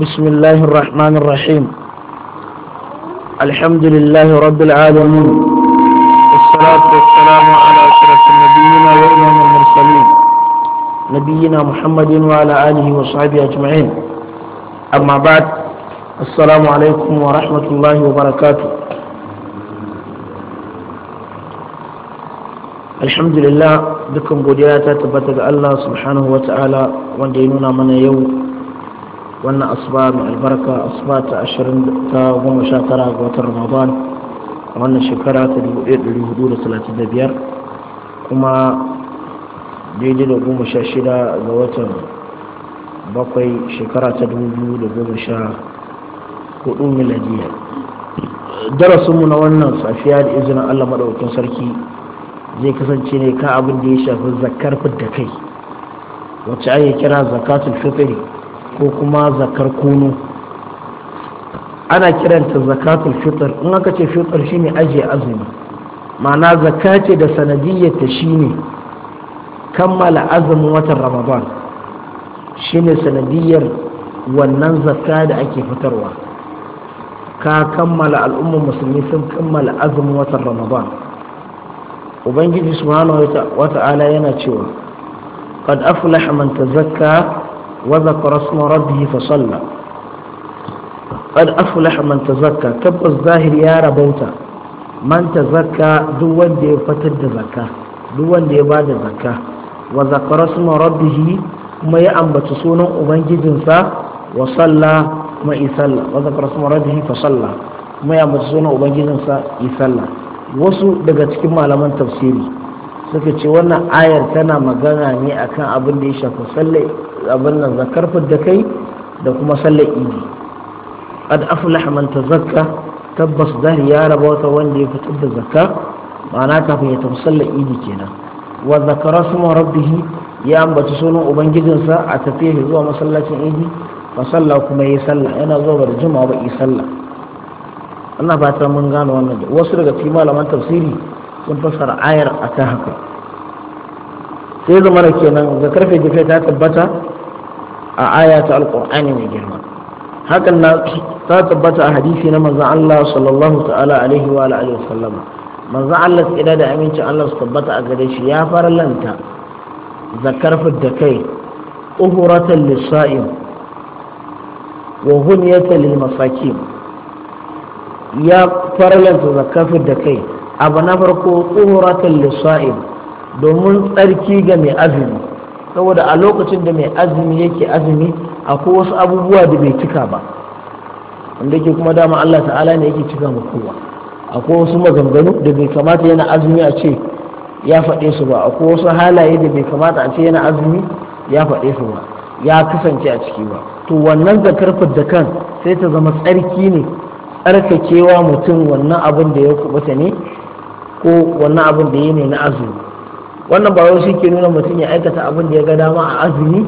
بسم الله الرحمن الرحيم الحمد لله رب العالمين والصلاة والسلام على أشرف نبينا وإمام المرسلين نبينا محمد وعلى آله وصحبه أجمعين أما بعد السلام عليكم ورحمة الله وبركاته الحمد لله بكم godiya ta الله سبحانه وتعالى subhanahu من يوم wannan asuba mai albarka asuba ta ashirin ta goma sha tara ga watan ramadan a wannan shekara ta dubu ɗaya ɗari hudu da talatin da biyar kuma daidai da goma sha shida ga watan bakwai shekara ta dubu biyu da goma sha hudu miladiya darasinmu na wannan safiya da izinin allah maɗaukakin sarki zai kasance ne ka abin da ya shafi zakar da kai wacce ake kira zakatul fitri ko kuma zakar kunu ana kiranta zakatul fitr in aka ce fitr shine ajiye azumi ma'ana zakka ce da sanadiyyarta shine kammala azumin watan ramadan shine sanadiyyar wannan zakka da ake fitarwa ka kammala al'ummar musulmi sun kammala azumin watan ramadan ubangiji subhanahu wata'ala yana cewa qad aflaha man tazakka وذكر اسم ربه فصلى قد أفلح من تزكى تبقى الظاهر يا ربوتا من تزكى دوان دي فتد زكاة دوان دي بعد زكاة وذكر اسم ربه ما يأنبت سونا أبنجي جنسا وصلى ما يصلى وذكر اسم ربه فصلى ما يأنبت سونا أبنجي جنسا يصلى wasu daga cikin malaman tafsiri suka ce wannan ayar tana magana ne akan abin da ya shafi sallah abin nan zakar da kai da kuma sallar idi qad aflaha man tazakka tabbas zahir ya raba wata wanda ya fitar da zakka ma'ana kafin ya tafi sallar idi kenan wa zakara sumu rabbihi ya ambaci sunan ubangijinsa a tafiya zuwa masallacin idi fa sallah kuma yi sallah yana zuwa da juma'a ba yi sallah ana fata mun gano wannan wasu daga cikin malaman tafsiri sun fassara ayar a ta haka sai zama da kenan da karfe ta tabbata a aya ta alƙur'ani mai girma hakan na ta tabbata a hadisi na manzon Allah sallallahu ta'ala alaihi wa alihi wa sallama manzon Allah tsira da amincin Allah su tabbata a gare shi ya farlanta zakar da kai uhuratan lisa'im wa hunyatan lil masakin ya farlanta zakar da kai abu na farko uhuratan lisa'im domin tsarki ga mai azumi saboda a lokacin da mai azumi yake azumi akwai wasu abubuwa da bai cika ba wanda ke kuma dama Allah ta'ala ne yake cika ma kowa akwai wasu maganganu da bai kamata yana azumi a ce ya faɗe su ba akwai wasu halaye da bai kamata a ce yana azumi ya faɗe su ba ya kasance a ciki ba to wannan zakar da kan sai ta zama tsarki ne tsarkakewa mutum wannan abin da ya kubuta ne ko wannan abin da ya ne na azumi wannan ba wai ke nuna mutum ya aikata abin da ya ga dama a azumi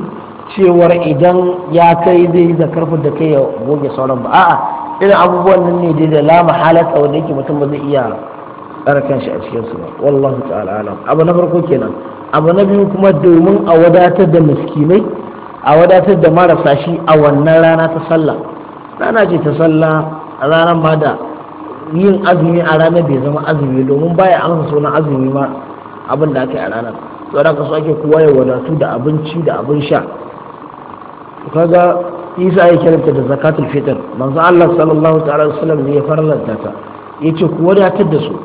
cewar idan ya kai zai yi zakar da kai ya goge sauran ba a'a irin abubuwan nan ne dai da la ta wanda yake mutum ba zai iya tsara kanshi a cikin su ba wallahi ta'ala alam abu na farko kenan abu na biyu kuma domin a wadatar da miskinai a wadatar da marasa shi a wannan rana ta sallah rana ce ta sallah a ranar ma da yin azumi a ranar bai zama azumi domin baya amsa sunan azumi ma abin da aka yi a ranar tsoron ka ake kowa ya wadatu da abinci da abin sha kaga isa ya kiranta da zakatul fitr manzo Allah sallallahu ta'ala alaihi wasallam ne ya farlanta ta yace ku wadatar da su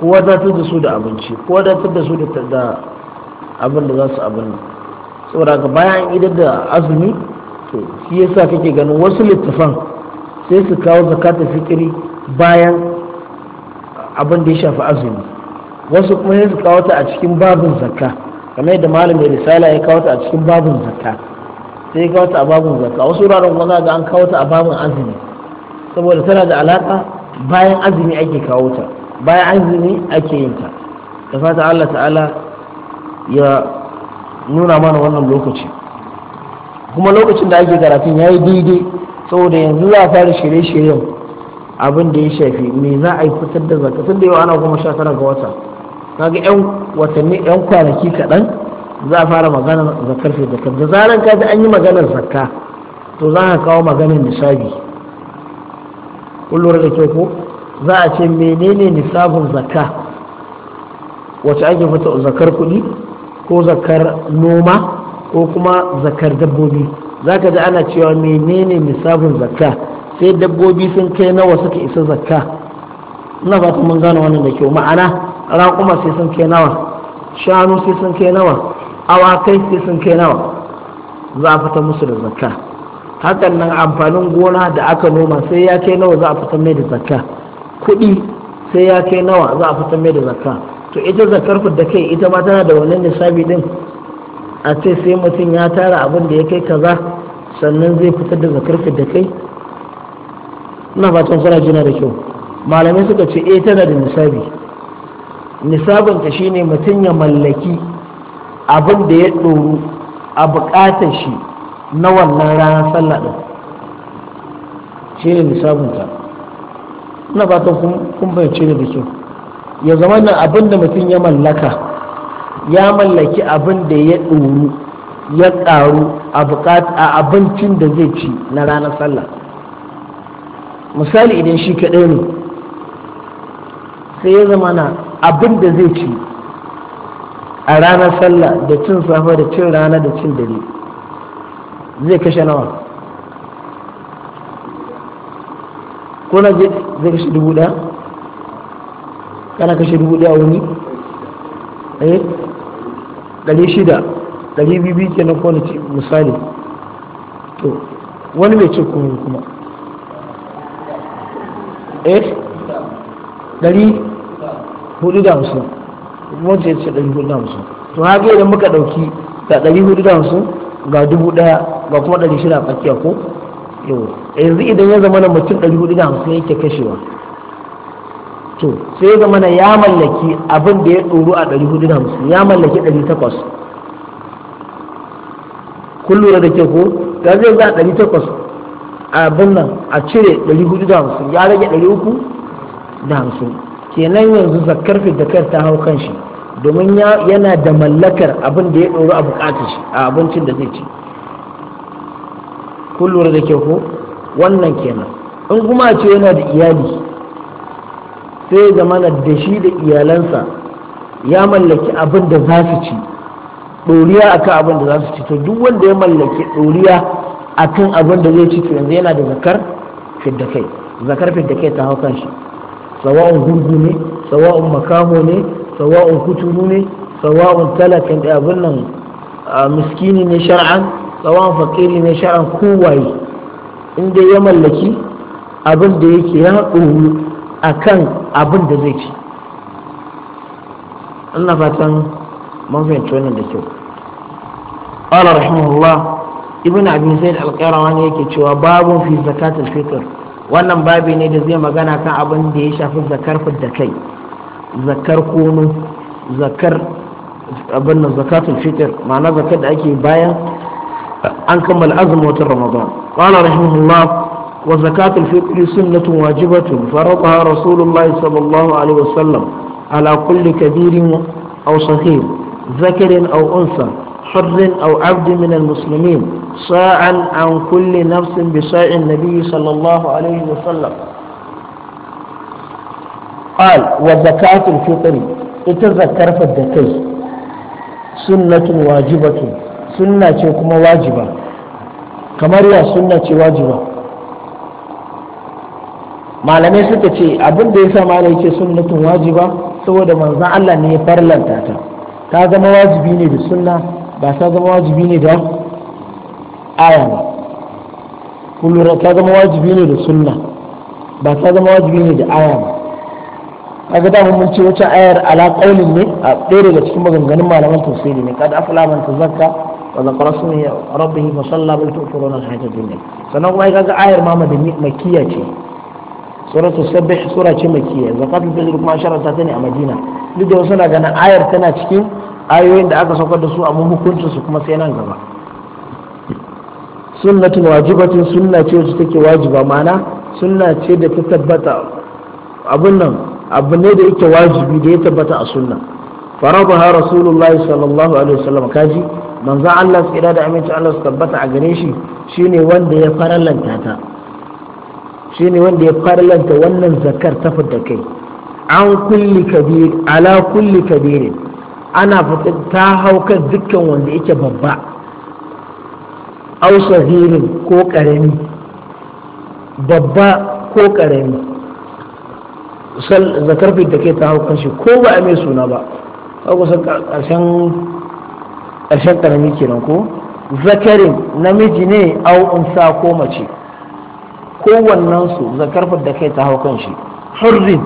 ku wadatar da su da abinci ku wadatar da su da abin da za su abin saboda ga bayan idan da azumi to shi yasa kake ganin wasu littafan sai su kawo zakatul fitri bayan abin da ya shafi azumi wasu kuma ya su kawo ta a cikin babin zakka kamar yadda malam risala ya kawo ta a cikin babin zakka sai ya kawo ta a babin zakka wasu wuraren kuma za ga an kawo ta a babin azumi saboda tana da alaka bayan azumi ake kawo ta bayan azumi ake yin ta da fata Allah ta'ala ya nuna mana wannan lokaci kuma lokacin da ake karatun ya yi daidai saboda yanzu za a fara shirye-shiryen abin da ya shafi me za a yi fitar da zakka tun da yau ana goma sha tara ga wata kaga yan watanni yan kwanaki kaɗan za a fara maganar zakar fi zakar da zaran ka ji an yi maganar zakka to za a kawo maganar nisabi kun lura da kyau ko za a ce menene nisabin zakka wace ake fita zakar kuɗi ko zakar noma ko kuma zakar dabbobi za ka ji ana cewa menene nisabin zakka sai dabbobi sun kai nawa suka isa zakka ina fata mun gane wannan da kyau ma'ana raƙuma sai sun kai nawa shanu sai sun kai nawa awakai sai sun kai nawa za a fita musu da zakka hakan nan amfanin gona da aka noma sai ya kai nawa za a fita mai da zakka kuɗi sai ya kai nawa za a fita mai da zakka to ita zakkar da kai ita ma tana da wannan nisabi din a ce sai mutum ya tara abin da ya kai kaza sannan zai fitar da zakkar da kai ina fatan kuna jina da kyau malamai suka ce eh tana da nisabi shi shine mutum ya mallaki abin da ya ɗoru a buƙatar shi na wannan ranar sallah ɗin shi ne nisabinta ina fatan kun bayyance da kyau ya zama nan abin da mutum ya mallaka ya mallaki abin da ya ɗoru ya ƙaru a abincin da zai ci na ranar sallah misali idan shi kaɗai ne sai ya zama na abin da zai ci a ranar sallah da cin safa da cin rana da cin dare zai kashe nawa ko na zai kashe dubu daya kana kashe dubu daya wani eh ɗari shida ɗari bibi ke na kone misali to wani mai ce kuma eh ɗari hudu da hamsin wanda ya ce ɗari hudu da hamsin to haka idan muka ɗauki ga ɗari hudu da hamsin ga dubu ɗaya ga kuma ɗari shida a tsakiya ko yau yanzu idan ya zama na mutum ɗari hudu da hamsin yake kashewa to sai ya zama na ya mallaki abin da ya ɗoro a ɗari hudu da hamsin ya mallaki ɗari takwas kun lura da ke ko ga zai za ɗari takwas a abin nan a cire ɗari hudu da hamsin ya rage ɗari uku da hamsin kenan yanzu zakar da kai ta hau kan shi domin yana da mallakar abin da ya ɗoro a buƙatar shi a abincin da zai ci kun lura da ke ko wannan kenan in kuma ce yana da iyali sai zamana da shi da iyalansa ya mallaki abin da za su ci ɗoriya kan abin da za su ci to duk wanda ya mallaki ɗoriya kan abin da zai ci to yanzu yana da zakar fidda kai zakar fidda kai ta hau kan shi sawa'un gurgu ne sawa'un makamo ne sawa'un kuturu ne sawa'un talakin da abin nan miskini ne shar'an sawa'un fakiri ne shar'an kowaye inda ya mallaki abin da yake ya ɗoru a kan abin da zai ci ina fatan mun wannan da kyau قال Ibn الله ابن عبد alƙarawa ne yake cewa babun fi zakatul fitr wannan babi ne da zai magana kan abin da ya shafi zakar da kai zakar kono zakar abin da zakatul fitr ma'ana zakar da ake bayan an kammala azumin watan ramadan qala rahimahullah wa zakatul fitr sunnatun wajibatun faradaha rasulullahi sallallahu alaihi wasallam ala kulli kabirin aw zakarin aw unsa حر أو عبد من المسلمين صاعا عن كل نفس بصاع النبي صلى الله عليه وسلم قال وزكاة الفطر اتذكر فالدكي سنة واجبة سنة كما واجبة كما ريا سنة واجبة malamai suka ce abin da ya sa malai ce sunnatun wajiba saboda manzan Allah ne ya farlanta ta ta zama wajibi ne da sunna ba ta zama wajibi ne da aya ba kullum ta zama wajibi ne da sunna ba ta zama wajibi ne da aya ba kaga da mun ce wata ayar alaƙaunin ne a ɗaya daga cikin maganganun malaman tausayi ne kada afla man tazakka wa zakara sunni rabbihi fa salla bil tuqurun na hajj duniya sannan kuma kaga ayar ma makiya makkiya ce suratu sabbih sura ce makiya zakatul fajr kuma sharata ta ne a madina duk da wasu na ganin ayar tana cikin ayoyin da aka saukar da su a hukuncin su kuma sai nan gaba sunnatul wajibatin sunna ce wacce take wajiba mana sunna ce da ta tabbata abin nan abu ne da yake wajibi da ya tabbata a sunna farabaha rasulullahi sallallahu alaihi wasallam kaji manzo Allah tsira da aminci Allah su tabbata a gare shi shine wanda ya faralanta ta shine wanda ya faralanta wannan zakar ta fidda kai an kulli kabir ala kulli kabirin ana faɗi ta hau kan dukkan wanda yake babba ausahirin ko ƙarami babba ko ƙarami zakar da ke ta hau kan shi ko ba a mai suna ba kusan ƙarshen ƙarami kenan ko zakarin namiji ne au unsa ko mace su zakar da kai ta hau kan shi hurrin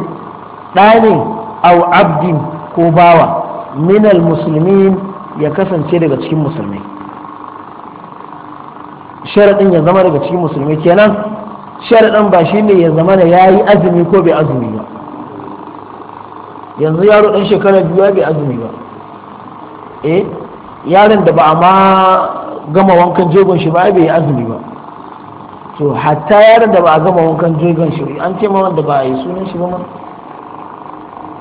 ɗani au abdin ko bawa minal musulmin ya kasance daga cikin musulmai sharaɗin ya zama daga cikin musulmai kenan sharaɗin ba shi ne ya zama da ya yi azumi ko bai azumi ba yanzu yaro ɗan shekara biyu bai azumi ba eh yaron da ba a ma gama wankan jogon shi ba bai yi azumi ba to hatta yaron da ba a gama wankan jogon shi an ce ma wanda ba a yi sunan shi ba ma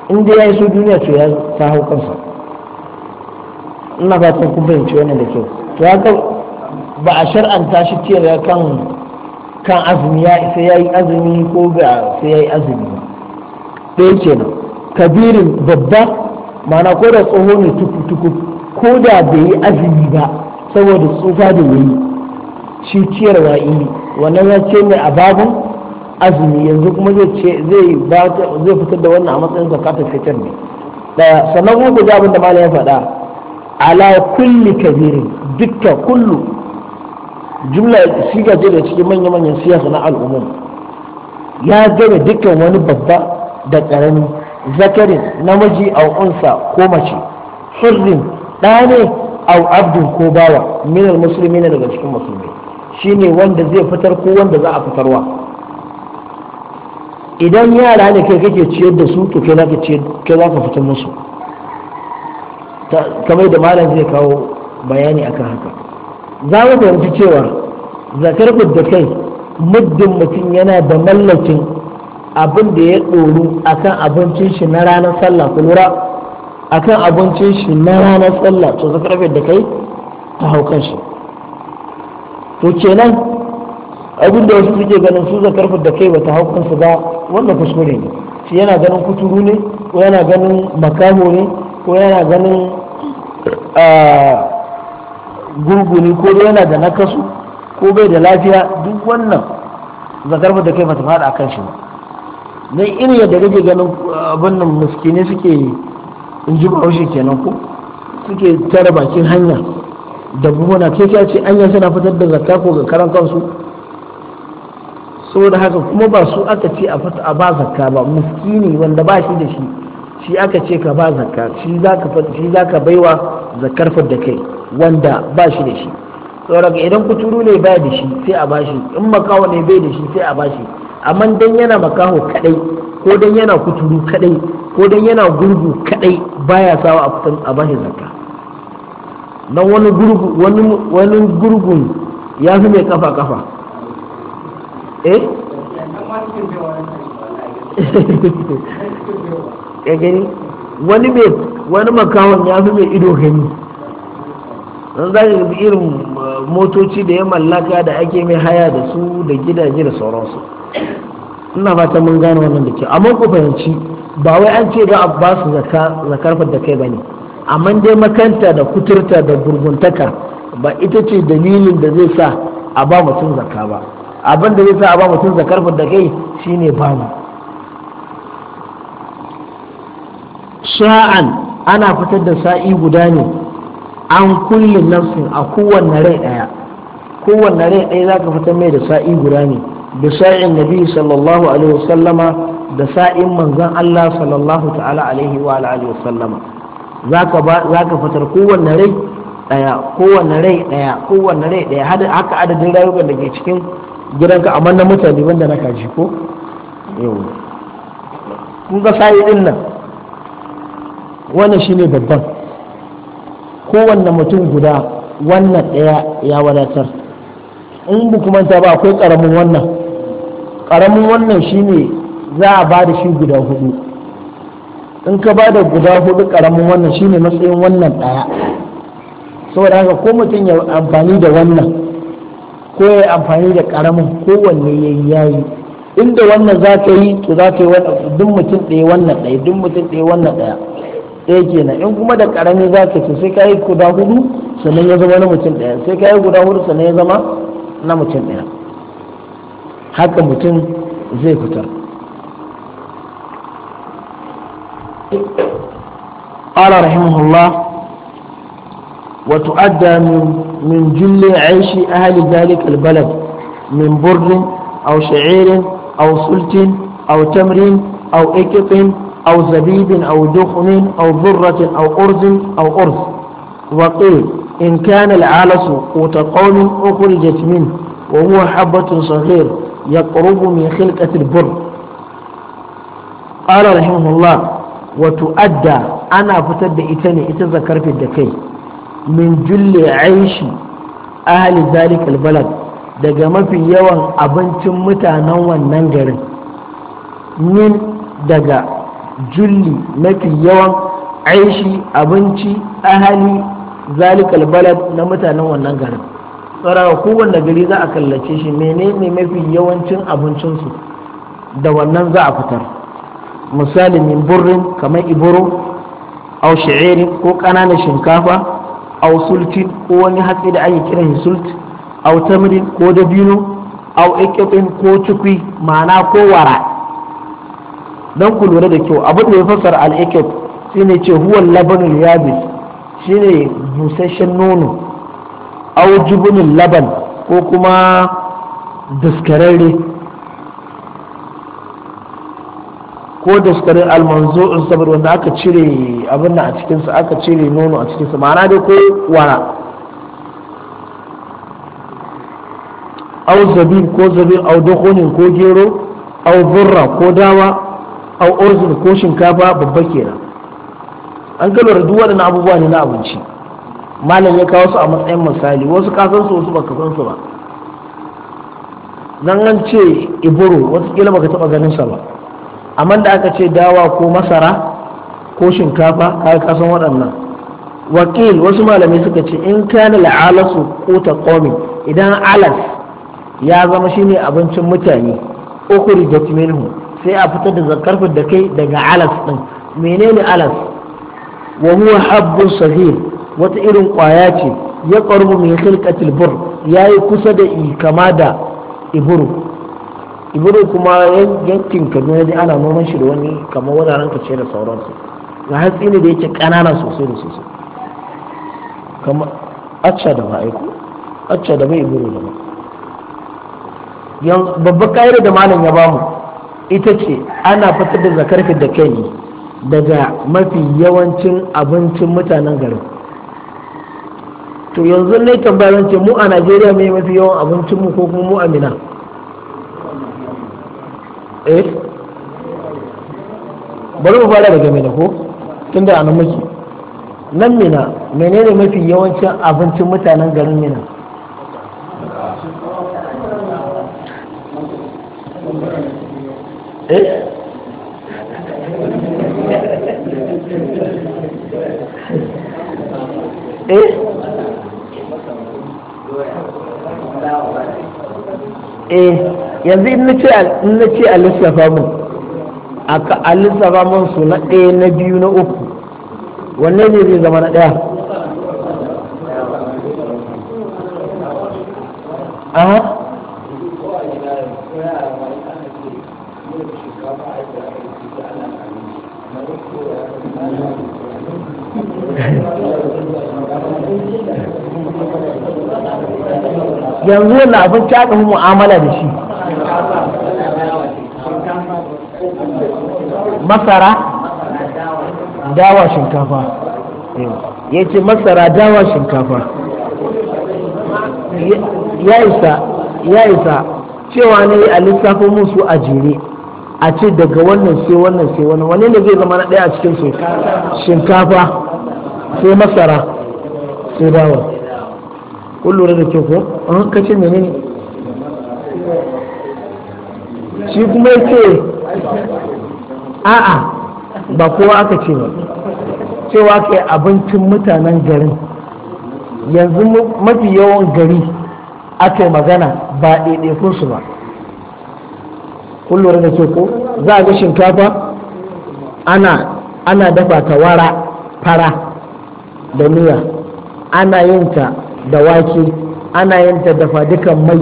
Inda ya yi so duniya to ya ta hau kansa ina fatan kun fahimci wannan da kyau to haka ba a shar'anta shi ya kan kan azumi ya sai yayi azumi ko ga sai yi azumi ba ce na, kabirin babba mana ko da tsoho ne tukutuku ko da bai yi azumi ba saboda tsufa da yi shi ciyarwa yi wannan ya ce ne a babu? azumi yanzu kuma zai ce zai zai fitar da wannan a matsayin zakatul fitar ne da sannan kuma ku ji abin da malam ya faɗa ala kulli kabirin dukkan kullu jumla siga ce da cikin manya manyan siyasa na al'umma ya gane dukkan wani babba da ƙarami zakarin namiji au unsa ko mace hurrin ɗa ne au abdin ko bawa Minar musulmi ne daga cikin musulmi shine wanda zai fitar ko wanda za a fitarwa idan yara ne kai kake ciyar da su to kai za ka fitar musu kamar da malam zai kawo bayani akan haka za mu fahimci cewa zakar da kai muddin mutum yana da mallakin abin da ya ɗoru akan abincin shi na ranar sallah ku lura akan abincin shi na ranar sallah to zakar da kai ta haukan shi to kenan abin da wasu suke ganin su zakar da kai bata hau kansu ba wannan kuskure ne shi yana ganin kuturu ne ko yana ganin makamo ne ko yana ganin gurgu ne ko yana da nakasu ko bai da lafiya duk wannan zakar da kai bata fada a kan shi ba dan irin yadda kake ganin abin nan muskine suke in ji bahaushe kenan ko suke tara bakin hanya da buhuna ke ce anya suna fitar da zakka ko ga karan kansu saboda haka kuma ba su aka ce a fata a ba zakka ba miskini wanda ba shi da shi shi aka ce ka ba zakka shi zaka shi ka baiwa zakkar fadda kai wanda ba shi da shi saboda idan kuturu ne ba da shi sai a bashi in makaho ne bai da shi sai a bashi amma dan yana makaho kadai ko dan yana kuturu kadai ko dan yana gurgu kadai baya sawa a fitan a bashi zakka dan wani gurgu wani wani gurgun ya fi mai kafa kafa eh wani mai wani makawan ya fi mai ido gani don za ka irin uh, motoci da ya mallaka da ake mai haya da su da gidaje da sauransu ina fata mun gane wannan da ke amma ku fahimci ba wai an ce za a ba su zakar da kai ba ne amma dai makanta da kuturta da gurguntaka ba ita ce dalilin da zai sa a ba mutum zakka ba abin da zai sa a ba mutum zakar da kai shine babu sha'an ana fitar da sa'i guda ne an kulle nafsin a kowanne rai ɗaya kowanne rai ɗaya za ka fitar mai da sa'i guda ne da sa'in nabi sallallahu alaihi wasallama da sa'in manzon Allah sallallahu ta'ala alaihi wa alihi wasallama za ka fitar kowanne rai ɗaya kowanne rai ɗaya kowanne rai ɗaya haka adadin rayukan da ke cikin gidanka amma na mutane banda na kaji ko yau kun ga sayi din nan wannan shine babban kowanne mutum guda wannan ɗaya ya wadatar in ta ba akwai ƙaramin wannan ƙaramin wannan shine za a ba da shi guda hudu in ka ba da guda hudu ƙaramin wannan shine matsayin wannan ɗaya saboda haka ko mutum ya amfani da wannan ko ya amfani da karamin kowanne ya yayi inda wannan za ka yi to za ka yi duk mutum ɗaya wannan ɗaya duk mutum ɗaya wannan ɗaya ɗaya kenan in kuma da karami za ka ce sai ka yi guda hudu sannan ya zama na mutum ɗaya sai ka yi guda hudu sannan ya zama na mutum ɗaya haka mutum zai fitar قال رحمه الله وتؤدى من من جل عيش أهل ذلك البلد من بر أو شعير أو سلت أو تمر أو إكط أو زبيب أو دخن أو ذرة أو أرز أو أرز وقيل إن كان العالس قوت قوم أخرجت منه وهو حبة صغير يقرب من خلقة البر قال رحمه الله وتؤدى أنا فتد إتني إتذكر في الدكين min julle aishi ahli zalikal balad daga mafi yawan abincin mutanen wannan garin min daga julli mafi yawan aishi abinci ahali zalikal balad na mutanen wannan garin tsarawa kowanne gari za a kallace shi menene mafi yawancin abincinsu da wannan za a fitar misali min burrin kamar iburu au shi'iri ko ƙananan shinkafa aw sulti ko wani hatsi da ake kiran sult aw tamrin ko dabino aw ikatin ko tukwi ma'ana ko wara dan ku lura da kyau abu da ya fassara al ikat shine ce huwa labanul yabis shine busasshen nono aw jubunul laban ko kuma daskararre ko daskarin almanzo in sabar wanda aka cire abin da a cikinsa aka cire nono a cikinsa ma'ana dai ko wara au zabin ko zabin au dokonin ko gero au burra ko dawa au orzin ko shinkafa babba kenan an ga lura duk waɗannan abubuwa ne na abinci malam ya kawo su a matsayin misali wasu kasan su wasu baka san su ba nan an ce wasu kila baka taɓa ganin sa ba amma da aka ce dawa ko masara ko shinkafa ai ka san waɗannan wakil wasu malamai suka ce in kana la'alasu ko ta komi. idan alas ya zama shine abincin mutane da minhu sai a fitar da zakarfin da kai daga alas din menene alas wa huwa habbun sahih wata irin kwaya ce ya qarbu min khilqatil bur yayi kusa da kama da iburu ibiru kuma yankin kaduna dai ana noman shi da wani kamar wuraren kace da sauransu ga hatsi ne da yake kanana sosai da sosai kamar acca da ma'aiku acca da mai ibiru da yan babba kayar da malam ya bamu ita ce ana fitar da zakar da kai daga mafi yawancin abincin mutanen garin to yanzu ne tambayar ce mu a najeriya mai mafi yawan abincinmu ko kuma mu a amina eh bari mu fara daga mina ko tunda anan miki nan mina menene mafi yawancin abincin mutanen garin mina eh eh eh yanzu in na ce a lissafa mun a lissafa mun su na ɗaya na biyu na uku wanne ne zai zama na ɗaya aha yanzu yana abin ta fi mu'amala da shi masara dawa shinkafa ya ce masara dawa shinkafa ya isa ya isa cewa ne a lissafin musu a jere a ce daga wannan sai wannan sai wannan wani ne zai zama na ɗaya a cikin su shinkafa sai masara sai dawa kun lura da kyau ko an kace ne shi kuma ya ce a'a ba kowa aka ce ba cewa ke abincin mutanen garin yanzu mafi yawan gari aka magana ba su ba kullum da ke ko za a ga shinkafa ana dafa ta wara fara da miya ana yin ta da wake ana yin ta dafa dukan mai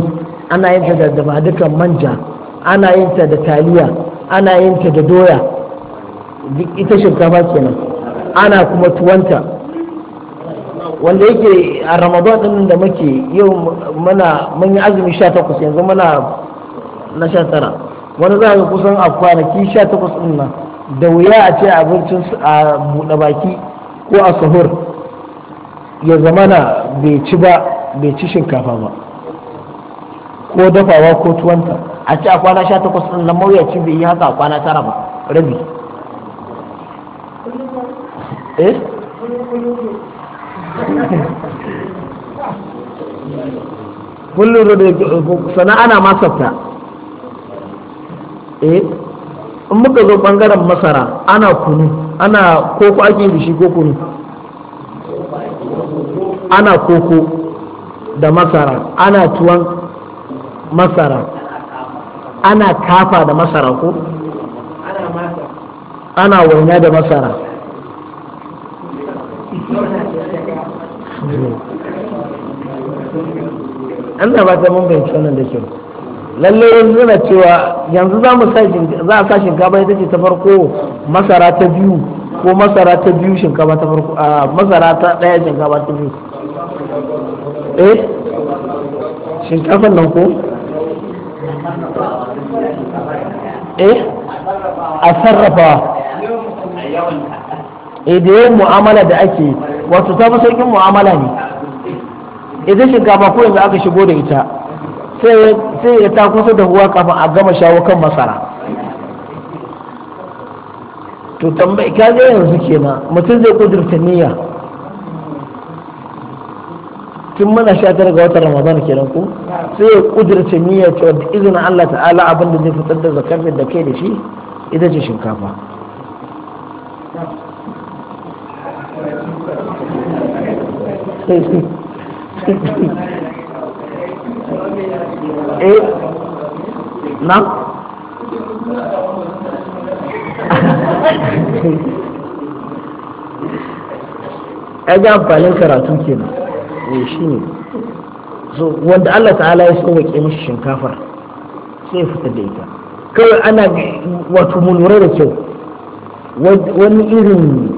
ana yin ta da dafa manja ana yin ta da taliya ana yin ta da doya duk ita shinkafa kenan ana kuma tuwanta wanda yake a ramadan din da muke yau mana mun yi azumi 18 yanzu mana na 19 wani za ka kusan a kwanaki 18 din nan da wuya a ce abincin a buɗe baki ko a sahur ya zamana bai ci ba bai ci shinkafa ba ko dafawa ko tuwanta a ce a kwana 18 din nan mawuyaci bai yi haka a kwana 9 ba rabi Eh? kullum sana ana masafta eh in muka zo bangaren masara ana kunu ana koko ake bishi ko kunu ana koko da masara ana tuwon masara ana kafa da masara ko ana wanya da masara Allah ba ta mun fahimci wannan da kyau lalle yanzu na cewa yanzu za mu sa za a sa shinkafa ita ce ta farko masara ta biyu ko masara ta biyu shinkafa ta farko a masara ta daya shinkafa ta biyu eh shinkafan nan ko eh a sarrafa eh da yawan mu'amala da ake wato ta fi sauƙin mu'amala ne idan shinkafa ko yanzu aka shigo da ita sai ya ta kusa da huwa kafin a gama shawo kan masara to tambayi ka ga yanzu kenan mutum zai kudurta niyya tun muna sha tara ga watan ramadan kenan ku sai ya kudurta niyya cewa da izinin Allah ta'ala abin da zai fitar da zakar da kai da shi ita ce shinkafa Thank you. eh na ga amfanin karatu kenan ne eh, shi ne so wanda Allah ta'ala ya so sauwaƙe mishi shinkafar sai ya fita da ita kawai ana wato mu lura da kyau wani irin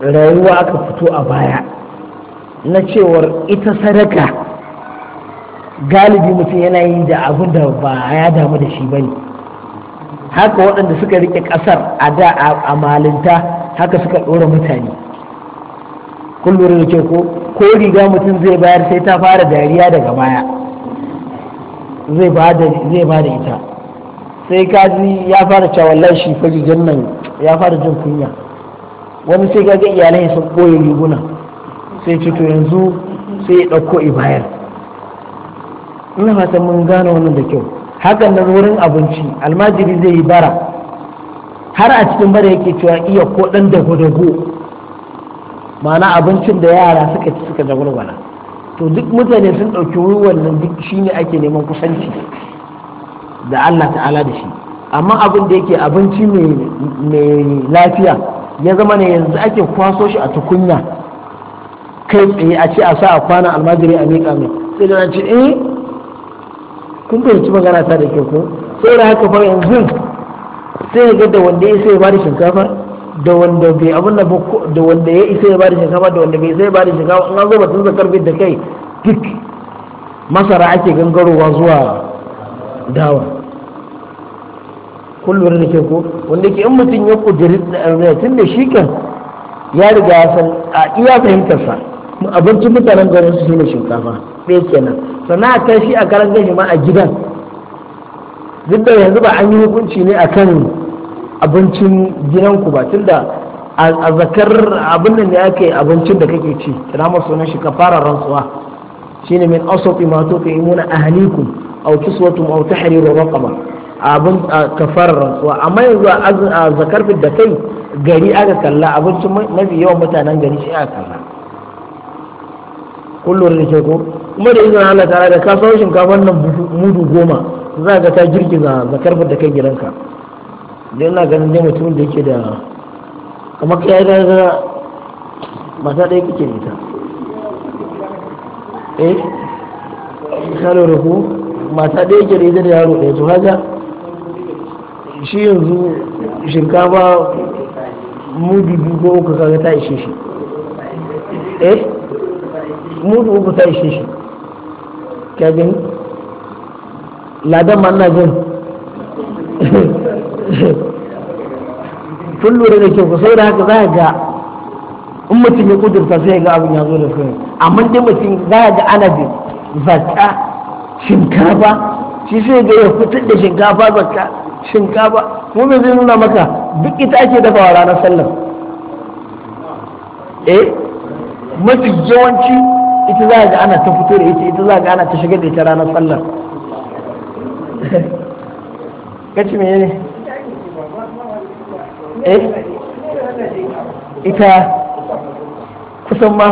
rayuwa aka fito a baya na cewar ita sadaka galibi mutum yana yi da abin da ba ya damu da shi ba ne haka waɗanda suka riƙe ƙasar a da a malinta haka suka ɗora mutane kullum da ke ko ko riga mutum zai bayar sai ta fara dariya daga baya zai ba da ita sai kaji ya fara cewa shi fa nan ya fara jin kunya wani sai kaga iyalai sun ɓoye riguna sai ce to yanzu sai ya ɗauko ibayar ina fatan mun gane wannan da kyau hakan nan wurin abinci almajiri zai yi bara har a cikin bara yake cewa iya ko ɗan dago-dago ma'ana abincin da yara suka ci suka jagwalwala to duk mutane sun ɗauki wuri wannan duk shine ake neman kusanci da Allah ta'ala da shi amma abin da yake abinci mai lafiya ya zama ne yanzu ake kwaso shi a tukunya kai tsaye a ce a sa a kwana almajiri a miƙa mai sai da ce eh kun fahimci magana ta da ke ko sai da haka fa yanzu sai ga da wanda ya isa ya bada shinkafa da wanda bai abin da da wanda ya isa ya bada shinkafa da wanda bai isa ya bada shinkafa in an zo zaka karfi da kai duk masara ake gangarowa zuwa dawa kullum da ke ko wanda ke in mutum ya kudiri eh, tun da shi kan ya riga san a iya fahimtarsa abincin mutanen garin su shine shinkafa ɗaya kenan sannan a kai shi a karan gashi ma a gidan duk da yanzu ba an yi hukunci ne akan abincin gidanku ba tunda a zakar abin nan ne ake abincin da kake ci kira masu sunan shi ka fara rantsuwa shine min asofi ma to ka imuna ahlikum aw kiswatum aw tahriru raqaba abin fara rantsuwa amma yanzu a zakar da kai gari aka kalla abincin mafi yawan mutanen gari shi aka kalla kullum da ke ko kuma da izinin Allah ta da ka sawo shinkafar nan mudu goma za ga ta girgiza karfar da kai gidanka don na ganin ne mutum da yake da kamar kai da ga mata ɗaya kike nita eh da rufu mata ɗaya yake da ita da yaro ɗaya to haka shi yanzu shinkafa mudu biyu ko uku kaga ta ishe shi eh mudu uku ta ishe shi ka gani ladan ma ina jin tun lura da kyau sai da haka za ga in mutum ya kudurta sai ga abin ya zo da kai amma dai mutum za ga ana da zakka shinkafa shi sai ga ya fitar da shinkafa zakka shinkafa mu me zai nuna maka duk ita ake dafawa ranar sallar eh mafi yawanci ita za ga ana ta fito da ita ita za ga ana ta shiga da ita ranar sallar kaci me ne eh ita kusan ma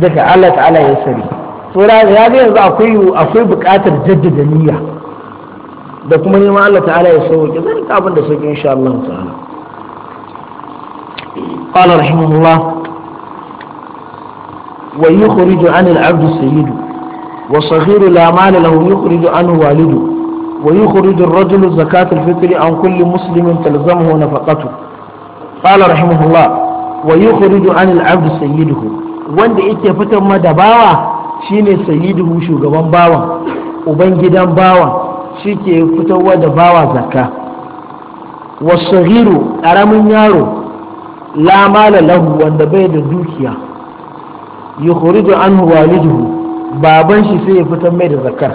daga Allah ta'ala ya sari tsora da ya yanzu akwai akwai bukatar jaddada niyya da kuma nema Allah ta'ala ya sauke zan ka abin da sauke insha Allah ta'ala قال رحمه ويخرج عن العبد السيد وصغير لا مال له يخرج عنه والده ويخرج الرجل زكاة الفطر عن كل مسلم تلزمه نفقته قال رحمه الله ويخرج عن العبد سيده wanda yake fitar ma shine sayidu shugaban bawan ubangidan bawan ke fitarwa da bawa zakka wasaghiru karamin yaro la wanda bai da dukiya yukhriju anhu waliduhu baban shi sai ya fitar mai da zakar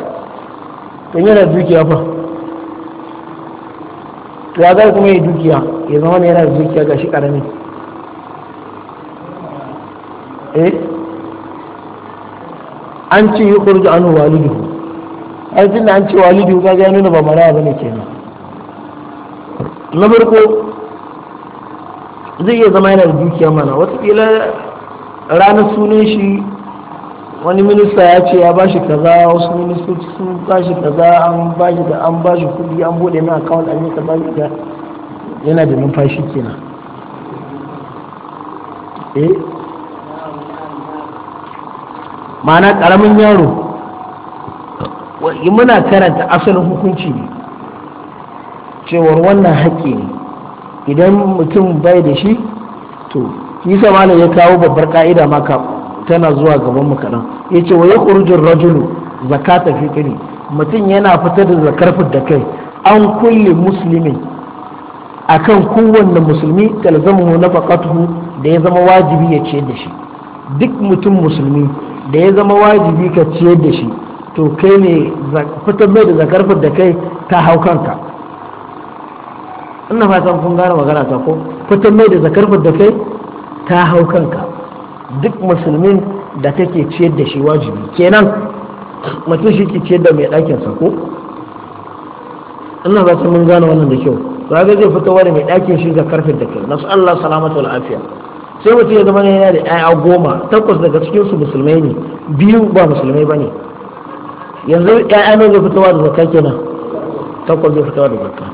to yana dukiya fa to ya zai kuma yi dukiya ya zama yana da dukiya ga shi karami eh an ce yukhriju anhu waliduhu ai tunda an ce walidu ga ya nuna ba mara bane kenan na farko zai iya zama yana da dukiya mana kila. ranar sunan shi wani minista ya ce ya bashi kaza wasu ministoci sun bashi kaza an bashi da an bashi kudi an bude mai akawun an yi bashi da yana da numfashi kenan eh ma'ana karamin yaro muna karanta asalin hukunci ne cewar wannan haƙƙi ne idan mutum bai da shi to yasa malam ya kawo babbar ka'ida maka tana zuwa gaban mu kaɗan ya ce wa ya ƙurjin rajulu zakata fitri mutum yana fitar da zakar da kai an kulle musulmin kan kowanne musulmi talzamu nafaqatuhu da ya zama wajibi ya ciyar da shi duk mutum musulmi da ya zama wajibi ka ciyar da shi to kai ne fitar mai da zakar da kai ta hau kanka ina fatan kun gane magana ta ko fitar mai da zakar da kai ta hau kanka duk musulmin da take ciyar da shi wajibi kenan mutum shi ke ciyar da mai ɗakin sa ko Allah ba mun gane wannan da kyau ba ga zai fito wani mai ɗakin shi ga karfe da kai nasu Allah salamatu al'afiya sai mutum ya zama yana da 'ya'ya goma takwas daga cikin su musulmai ne biyu ba musulmai ba ne yanzu 'ya'ya ne zai fitowa da zakka kenan takwas zai fitowa da zakka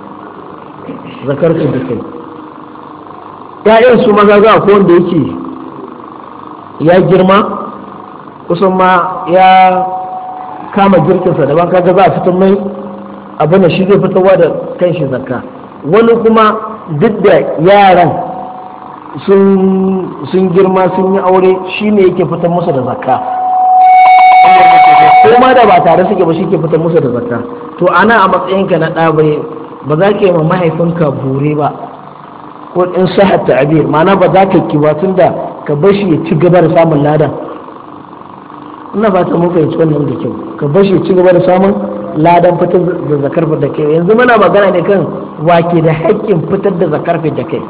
zakar su da kai ƴaƴan su maza za ko wanda yake ya girma kusan ma ya kama girkinsa daban kaga za a fitar mai abu na shi zai fitarwa da kan shi zarka wani kuma duk da yaran sun girma sun yi aure shi ne yake fitar musu da zarka ko ma da ba tare suke ba shi ke fitar musu da zarka to ana a matsayinka na ɗa ba za ka yi ma mahaifinka bure ba ko in sahar ta'abir ma'ana ba za ka kiwa tun da ka bar shi ya ci gaba da samun ladan ina ta muka yanci wannan da kyau ka bar shi ya ci gaba da samun ladan fitar da zakar da kai yanzu muna magana ne kan wake da haƙƙin fitar da zakar da kai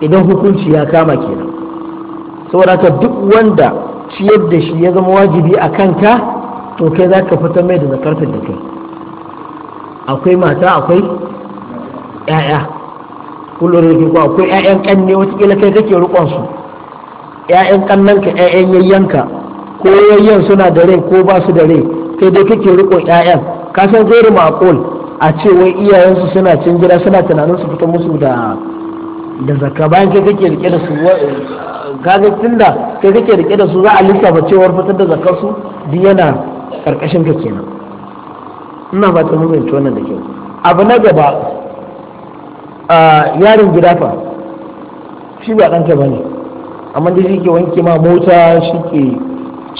idan hukunci ya kama kenan saboda ka duk wanda ciyar da shi ya zama wajibi a kanka to kai za ka fitar mai da zakar da kai akwai mata akwai 'ya'ya kullum da ko akwai ƴaƴan kanne watakila kai kake rukon su ƴaƴan kannan ka ƴaƴan yayyanka ko yayyan suna da rai ko ba su da rai kai dai kake rukon ƴaƴan ka san gairu maqul a ce wai su suna cin gida suna tunanin su fita musu da da zakka bayan kai kake rike da su kaga tunda kai kake rike da su za a lissafa cewar fitar da zakkar su duk yana karkashin ka kenan ina ba ta mu wannan da kyau abu na gaba yarin gida fa shi ba ɗanta ba ne amma da shi ke wanke ma mota shi ke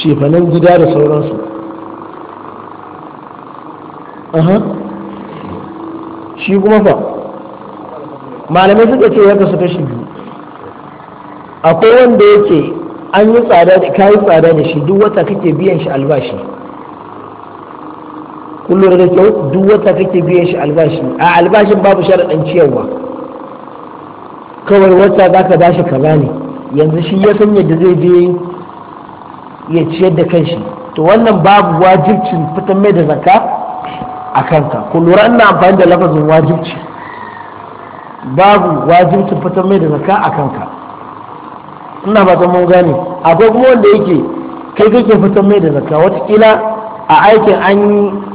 cefanen gida da sauransu shi kuma fa malamai suka ce ya kasu kashi biyu akwai wanda yake an yi tsada da kayi tsada da shi duk wata kake biyan shi albashi kullum da kyau duk wata kake biyan shi albashi a albashin babu sharaɗin ciyarwa kawai wata za ka bashi ka ne yanzu shi ya san yadda zai je ya ciyar da kanshi to wannan babu wajibcin fitan mai da zaka a kanka ku lura ina amfani da lafazin wajibci babu wajibcin fitan mai da zaka a kanka ina ba mun gane akwai kuma wanda yake kai kake fitan mai da zaka watakila a aikin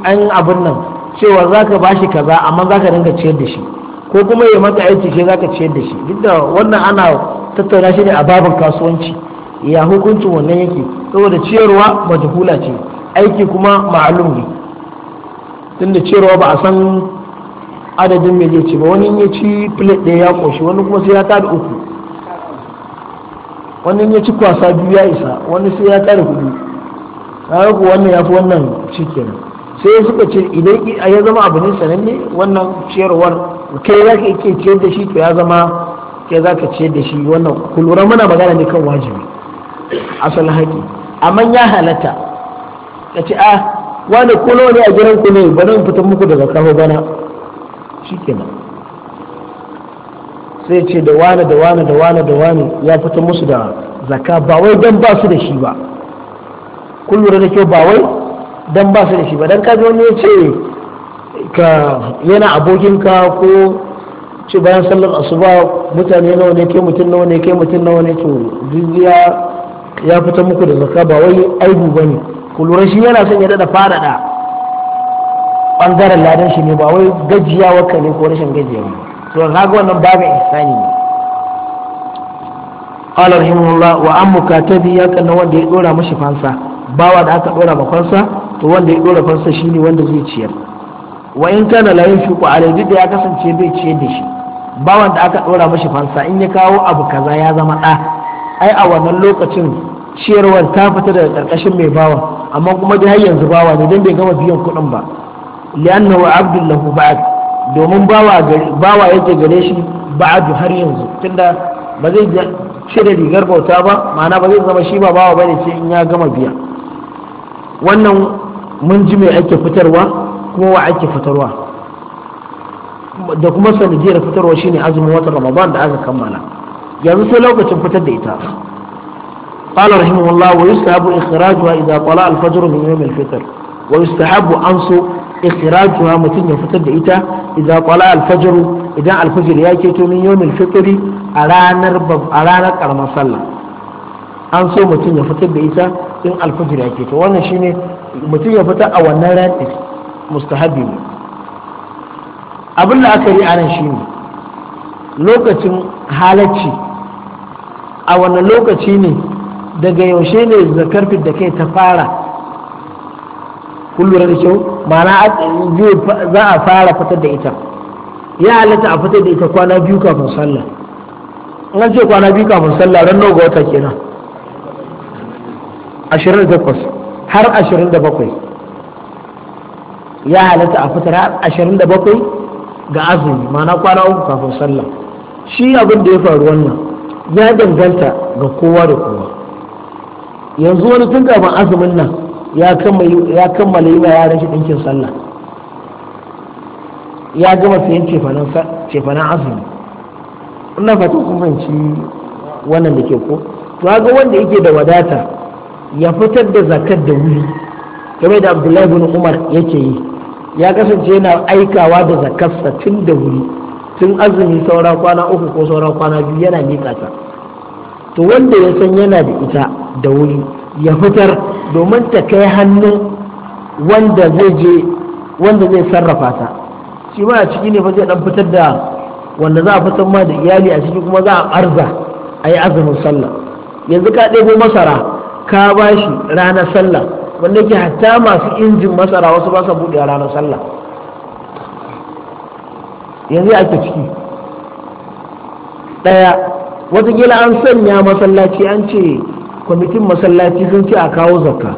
an abin nan cewa za ka ba kaza amma za ka dinga ciyar da shi ko kuma ya maka aiki ke za ka ciyar da shi duk da wannan ana tattauna shi ne a babin kasuwanci ya hukuncin wannan yake saboda ciyarwa majhula ce aiki kuma ma'alum ne tunda ciyarwa ba a san adadin me zai ci ba wani ya ci plate ɗaya ya koshi wani kuma sai ya tada uku wani ya ci kwasa biyu ya isa wani sai ya tada hudu kaga wannan wannan fi wannan shikenan sai suka ce idan ya zama abu ne sananne wannan ciyarwar kai za ka ke ciyar da shi to ya zama kai za ka ciyar da shi wannan kulura muna magana ne kan wajibi asali haƙi amma ya halatta ka ce a ah, wani kulo ne a gidan ku ne bari in fitar muku daga kawo bana nan sai ce da wani da wani da wani da wani ya fitar musu da zaka ba wai dan ba su da shi ba kun lura da kyau ba wai dan ba su da shi ba dan kaji wani ya ce ka yana abokinka ko ce bayan sallar asuba mutane nawa ne kai mutum nawa ne kai mutum nawa ne to jizya ya fita muku da zakka ba wai aibu bane ku lura shi yana son ya dada da bangaren ladan shi ne ba wai gajiya wakka ne ko rashin gajiya ne to ga wannan babin ihsani ne qala rahimahullah wa ammuka tabi ya kan wanda ya dora mashi fansa bawa da aka dora mafansa to wanda ya dora fansa shine wanda zai ciyar wa in kana la alai duk da ya kasance bai ciyar da shi bawan da aka dora mashi fansa in ya kawo abu kaza ya zama da ai a wannan lokacin ciyarwar ta fita daga karkashin mai bawa amma kuma dai har yanzu bawa ne dan bai gama biyan kuɗin ba li'annahu abdullahu ba'd domin bawa bawa yake gare shi ba'adu har yanzu tunda ba zai da rigar bauta ba ma'ana ba zai zama shi ba bawa bane ce in ya gama biya wannan mun ji mai ake fitarwa kuma wa ake fitarwa da kuma sanadiyar fitarwa shine azumin watan ramadan da aka kammala yanzu sai lokacin fitar da ita قال رحمه الله ya إخراجها إذا طلع الفجر من يوم الفطر ويستحب أنس إخراجها متن فتر دئتا إذا طلع الفجر إذا الفجر يأتي من يوم الفطر على نرب على نكر مصلى an so mutum ya fitar da ita in alfajir ya keto wannan shine mutum ya fita a wannan ranar mustahabi ne abin da aka yi a nan shine lokacin halacci a wannan lokaci ne daga yaushe ne zakar da kai ta fara kullum da kyau ma'ana za a fara fitar da ita ya halatta a fitar da ita kwana biyu kafin sallah an ce kwana biyu kafin sallah ran nawa ga wata kenan 28 har 27 ya halatta a fitar har 27 ga azumi mana kwana uku kafin sallah shi abin da ya faru wannan ya danganta ga kowa da kowa yanzu wani tun kafin azumin nan ya kammala yi wa yaran shi ɗinkin sallah ya gama sayan cefanen azumi ina fata kuma ci wannan da ke ko to ga wanda yake da wadata ya fitar da zakar da wuri game da abdullahi bin umar yake yi ya kasance yana aikawa da zakarsa tun da wuri tun azumi saura kwana uku ko saura kwana biyu yana miƙa ta to wanda ya san yana da ita da wuri ya fitar domin ta kai hannu wanda zai je wanda zai sarrafa ta shi ma a ciki ne fa zai dan fitar da wanda za a fitar ma da iyali a ciki kuma za a arza a yi azumin sallah yanzu ka ɗebo masara ka bashi ranar sallah wanda ke hatta masu injin masara wasu ba su buɗe ranar sallah yanzu ake ciki ɗaya watakila an sanya masallaci an ce kwamitin masallaci sun ce a kawo zakka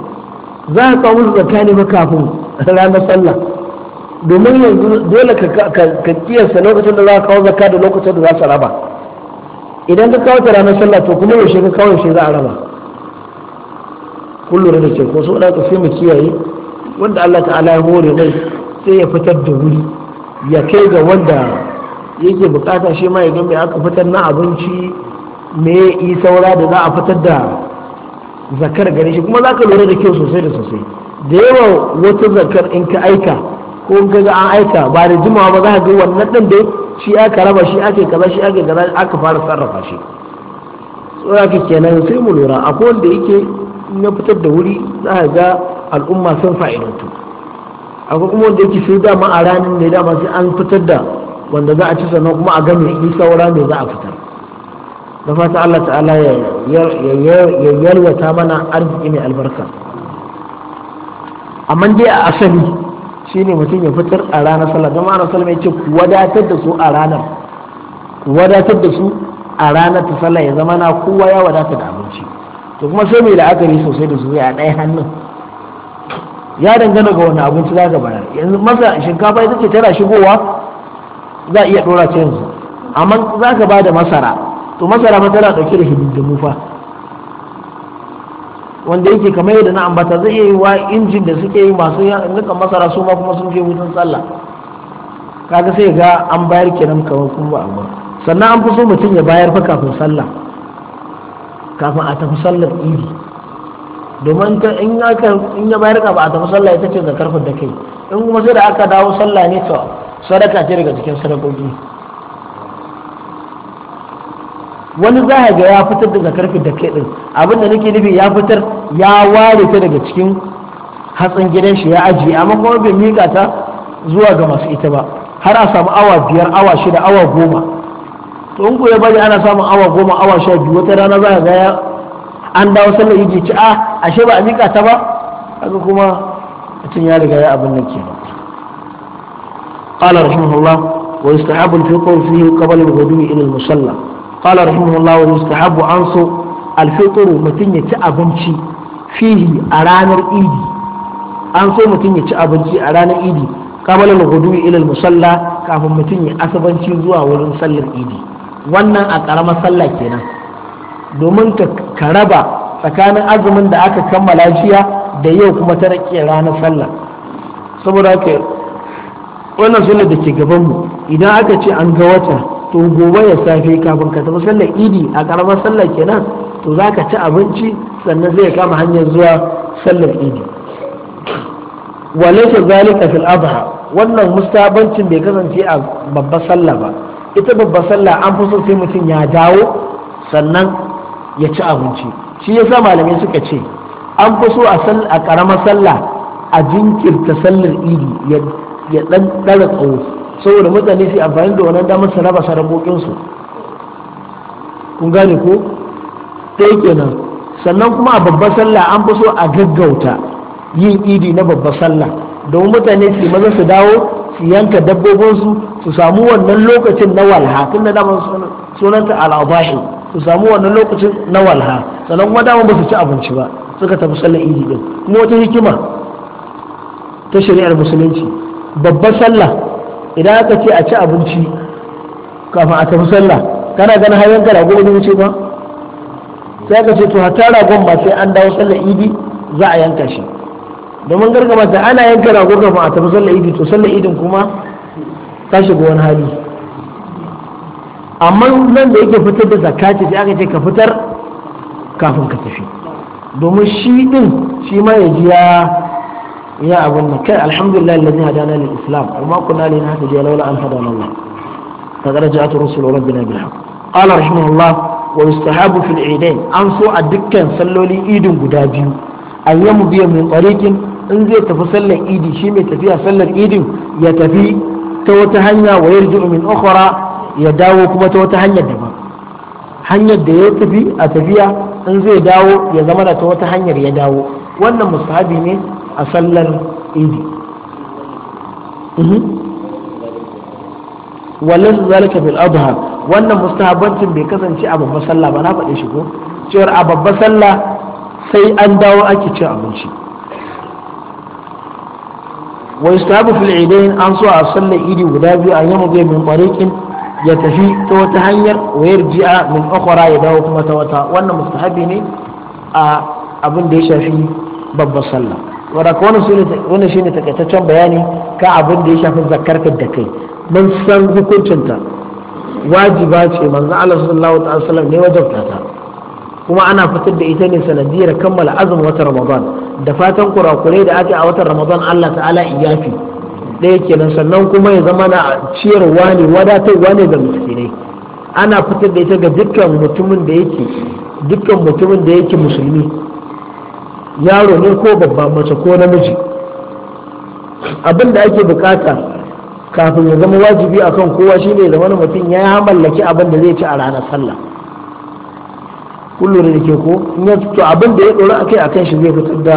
za a kawo musu zakka ne kafin ranar sallah domin yanzu dole ka kiyasta lokacin da za a kawo zakka da lokacin da za su raba idan ka kawo ta ranar sallah to kuma yaushe ka kawo yaushe za a raba kullum da ke ko so da sai mu kiyaye wanda Allah ta'ala ya hore mai sai ya fitar da wuri ya kai ga wanda yake bukata shi ma ya gami me aka fitar na abinci me yi saura da za a fitar da zakar gani shi kuma za ka lura da kyau sosai da sosai da yawa wata zakar in ka aika ko in ka ga an aika ba da jimawa ba za ka ga wannan ɗin da shi aka raba shi ake kaza shi ake kaza aka fara sarrafa shi tsoraki kenan sai mu lura akwai wanda yake ya fitar da wuri za a ga al'umma sun fa'idantu akwai kuma wanda yake sai dama a ranar ne dama sai an fitar da wanda za a ci sannan kuma a gani yi saura ne za a fitar da fata Allah ta'ala ya yalwata mana arziki mai albarka amma dai a asali shine mutum ya fitar a ranar sallah don ma'ana sallah ya ce ku wadatar da su a ranar ku wadatar da su a ranar ta sallah ya zama na kowa ya wadata da to kuma sai mai la'akari sosai da zuwa a ɗaya hannun ya dangana ga wani abinci za ka bayar yanzu masa shinkafa ita ce tana shigowa za a iya ɗora ta yanzu amma za ka ba da masara to masara ma tana ɗauke da hidindimu fa wanda yake kamar yadda na ambata zai iya yi wa injin da suke yi masu yankan masara su ma kuma sun je wutan sallah kaga sai ga an bayar kenan kamar kuma ba sannan an fi so mutum ya bayar fa kafin sallah kafin a tafi sallar idi domin in ya bayar ka ba a tafi sallah ita ce zakar da kai in kuma sai da aka dawo sallah ne to sadaka ce daga cikin sadakoki wani za ga ya fitar da zakar da kai din abinda nake nufi ya fitar ya ware ta daga cikin hatsin gidan shi ya ajiye amma kuma bai mika ta zuwa ga masu ita ba har a samu awa biyar awa shida awa goma to in ku ya bari ana samun awa goma awa sha biyu wata rana za ka gaya an dawo sallar iji ci a ah, ashe ba a miƙa ta ba kuma mutum ya riga ya abin nan kenan قال رحمه الله ويستحب الفطر فيه قبل الغدو الى المصلى قال رحمه الله ويستحب انصو الفطر متين يتي abinci fihi a ranar idi an so mutum ya ci abinci a ranar idi kamar al-hudu ila musalla kafin mutum ya asabanci zuwa wurin sallar idi wannan a ƙaramar sallah kenan domin ka raba tsakanin azumin da aka kammala jiya da yau kuma ta rake ranar sallah saboda haka wannan sallar da ke gaban mu. idan aka ce an ga wata to gobe ya safe kafin ka tafi sallar idi a karamar sallar kenan to za ka ci abinci sannan zai kama hanyar zuwa sallar idi walaisa zalika fil adha wannan mustabancin bai kasance a babbar sallah ba ita babbar sallah an fi so sai mutum ya dawo sannan ya ci abinci shi yasa malamai suka ce an fi so a karamar sallah a jinkirta sallar idi ya dan dara tsawo saboda mutane sai amfani da wannan damar su raba sarabokinsu kun gane ko ɗaya kenan sannan kuma a babbar sallah an fi so a gaggauta yin idi na babbar sallah domin mutane su maza su dawo su yanka dabbobinsu su samu wannan lokacin na walha tun da daman sunanta al'abahi su samu wannan lokacin na walha sannan kuma dama ba su ci abinci ba suka tafi sallar idi din kuma wata hikima ta shari'ar musulunci babbar sallah idan aka ce a ci abinci kafin a tafi sallah kana ganin har yanka rago wani wuce ba sai aka ce to hatta ragon ba sai an dawo sallar idi za a yanka shi domin gargama ta ana yanka rago kafin a tafi sallar idi to sallar idin kuma ta shiga wani hali amma nan da yake fitar da zakati sai aka ce ka fitar kafin ka tafi domin shi din shi ma ya ji ya abin nan kai alhamdulillah alladhi hadana lil islam amma na lin hadiya laula an hada hadana Allah faqad ja'at rusul rabbina bil haqq qala rahimahullah wa yustahabu fil eidain an so a dukkan salloli idin guda biyu ayyamu biya min tariqin in zai tafi sallar idi shi mai tafiya sallar idin ya tafi ta wata hanya wa yarji'u min ukhra ya dawo kuma ta wata hanyar daban hanyar da ya tafi a tafiya in zai dawo ya zama da ta wata hanyar ya dawo wannan musahabi ne a sallar idi mhm. wallan zalika bil adha wannan mustahabancin bai kasance a babbar sallah ba na faɗe shi ko cewar a babbar sallah sai an dawo ake cin abinci wa yustahabu fil idain an so a sallar idi guda biyu a yamma zai min tariqin ya tafi ta wata hanyar wa yarji'a min ukhra ya dawo kuma ta wata wannan mustahabi ne a abin da ya shafi babbar sallah wanda ka wani shine takaitaccen bayani ka abin da ya shafi zakartar da kai mun san hukuncinta wajiba ce manzo Allah sallallahu alaihi wasallam ne wajabta ta kuma ana fitar da ita ne sanadiyar kammala azumin wata Ramadan da fatan kurakurai da ake a watan ramadan Allah ta'ala in da ɗaya kenan sannan kuma ya zama na ciyarwa ne wadatarwa ne ga musulmi ana fitar da ita ga dukkan mutumin da yake dukkan mutumin da yake musulmi yaro ne ko babba mace ko namiji abin da ake bukata kafin ya zama wajibi akan kowa shine da wani mutum ya mallaki abin da zai ci a ranar sallah kullum da ke ko in to abin da ya dora akai akan shi zai fitar da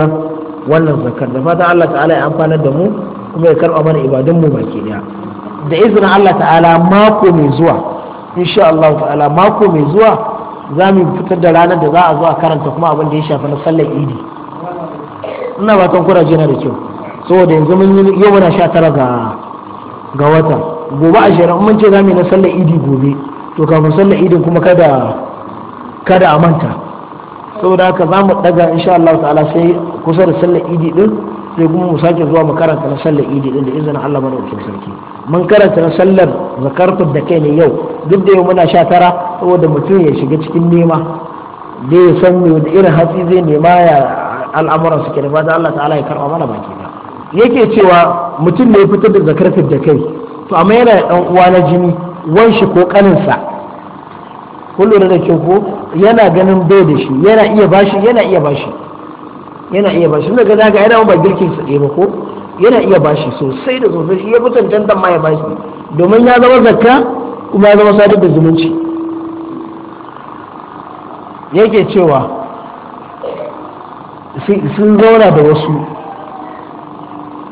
wannan zakar da fatan Allah ta'ala ya amfana da mu kuma ya karba mana ibadun mu baki daya da izinin Allah ta'ala mako mai zuwa insha Allah ta'ala mako mai zuwa za mu fitar da ranar da za a zo a karanta kuma abin da ya shafi na sallar idi ina ba kan kuraje na da kyau saboda yanzu mun yi yau muna 19 ga ga wata gobe a ashirin mun ce za mu yi na sallar idi gobe to kafin sallar idin kuma kada kada a manta saboda haka za mu daga insha Allah ta'ala sai kusa da sallar idi din sai kuma mu sake zuwa mu karanta na sallar idi din da izinin Allah madaukakin sarki mun karanta na sallar zakartu da kai ne yau duk da yau muna sha tara saboda mutum ya shiga cikin nema da ya san me da irin hatsi zai nema ya al'amuran su kenan da Allah ta'ala ya karba mana baki da yake cewa mutum ne ya fitar da zakartu da kai to amma yana da dan uwa na jini wanshi ko kaninsa kullum da kyau ko yana ganin bai da shi yana iya bashi yana iya bashi yana iya bashi daga zaka yana ba girkin sa ba ko yana iya bashi sosai da sosai shi ya fi dan ma ya bashi domin ya zama zakka kuma ya zama sadar da zumunci yake cewa sun zauna da wasu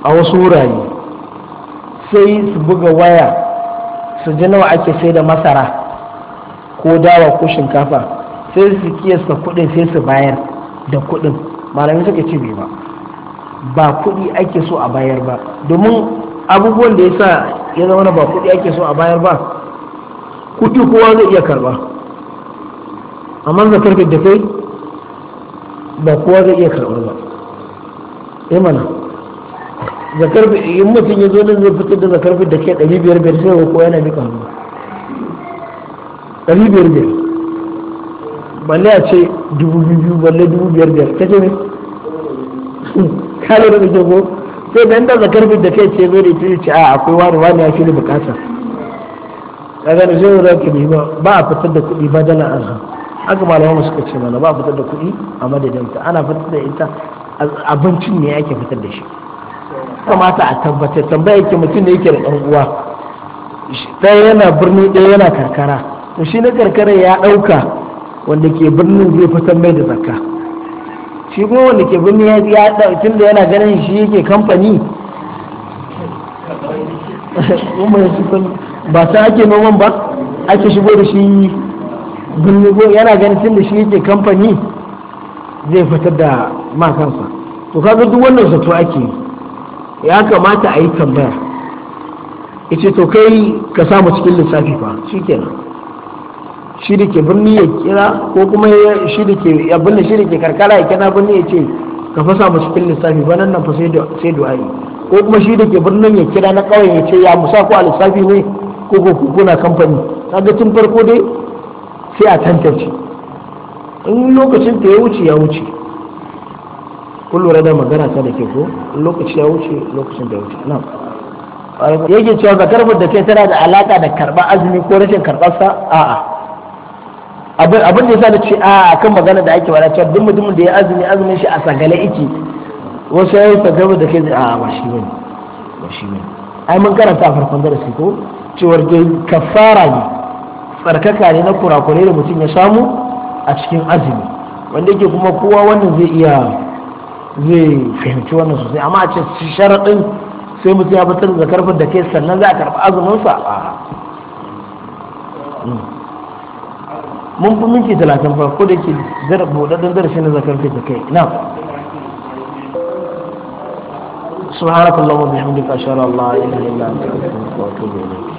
a wasu wurare sai su buga waya su ji nawa ake sai da masara ko dawa ko shinkafa sai su kiyasta kudin sai su bayar da kuɗin malamin suka ce bai ba ba kuɗi ake so a bayar ba domin abubuwan da ya sa ya zama ba kuɗi ake so a bayar ba kuɗi kowa zai iya karba amma karfe da kai ba kowa zai iya karɓar ba eh mana zakar in mutum ya zo nan zai fitar da zakar da kai ɗari biyar biyar sai ko yana kan hannu ɗari biyar biyar balle a ce dubu biyu balle dubu biyar biyar kace ne kalar da ke ko sai da inda zakar bin da kai ce zai da ita ce a akwai wani wani ya fi ni bukata kaga da zai wurin ka ba ba a fitar da kuɗi ba dala arha haka malaman suka ce mana ba a fitar da kuɗi a madadinta ana fitar da ita abincin ne ake fitar da shi kamata a tabbatar tambaya ke mutum ne yake da ɗan uwa ɗaya yana birni ɗaya yana karkara to shi na karkara ya ɗauka wanda ke birnin zai fitar mai da zakka shi kuma wanda ke birnin ya tun da yana ganin shi yake kamfani ba ta ake noman ba ake shigo da shi birnin yana ganin tun da shi yake kamfani zai fitar da makansa to kaga duk wannan zato ake ya kamata a yi tambaya ita to kai ka samu cikin lissafi fa kenan shi ke birni ya kira ko kuma ya da ke abin da karkara ya kira birni ya ce ka fasa mu cikin lissafi ba nan fa sai da ayi ko kuma shi da ke birnin ya kira na kawai ya ce ya musa ko a lissafi ne ko ko kuna kamfani kaga tun farko dai sai a tantance in lokacin ta ya wuce ya wuce kun lura da magana ta da ke ko lokaci ya wuce lokacin da ya wuce na yake cewa zakar da ke tana da alaka da karɓar azumi ko rashin karbarsa a'a abin abin da yasa da ce a kan magana da ake wadatar duk mutumin da ya azumi azumin shi a sagale iki wasu ya yi tagaba da kai a ba shi bane ba shi bane ai mun karanta a farkon darasi ko cewar dai kafara ne tsarkaka ne na kurakurai da mutum ya samu a cikin azumi wanda yake kuma kowa wannan zai iya zai fahimci wannan sosai amma a ce sharaɗin sai mutum ya fitar da karfin da kai sannan za a karɓi azuminsa a mun fi minti talatin farko ko da ke buɗaɗɗen darasin da zakar kai kai na subhanakallahu bihamdika ashhadu an la ilaha illa anta astaghfiruka wa atubu ilayk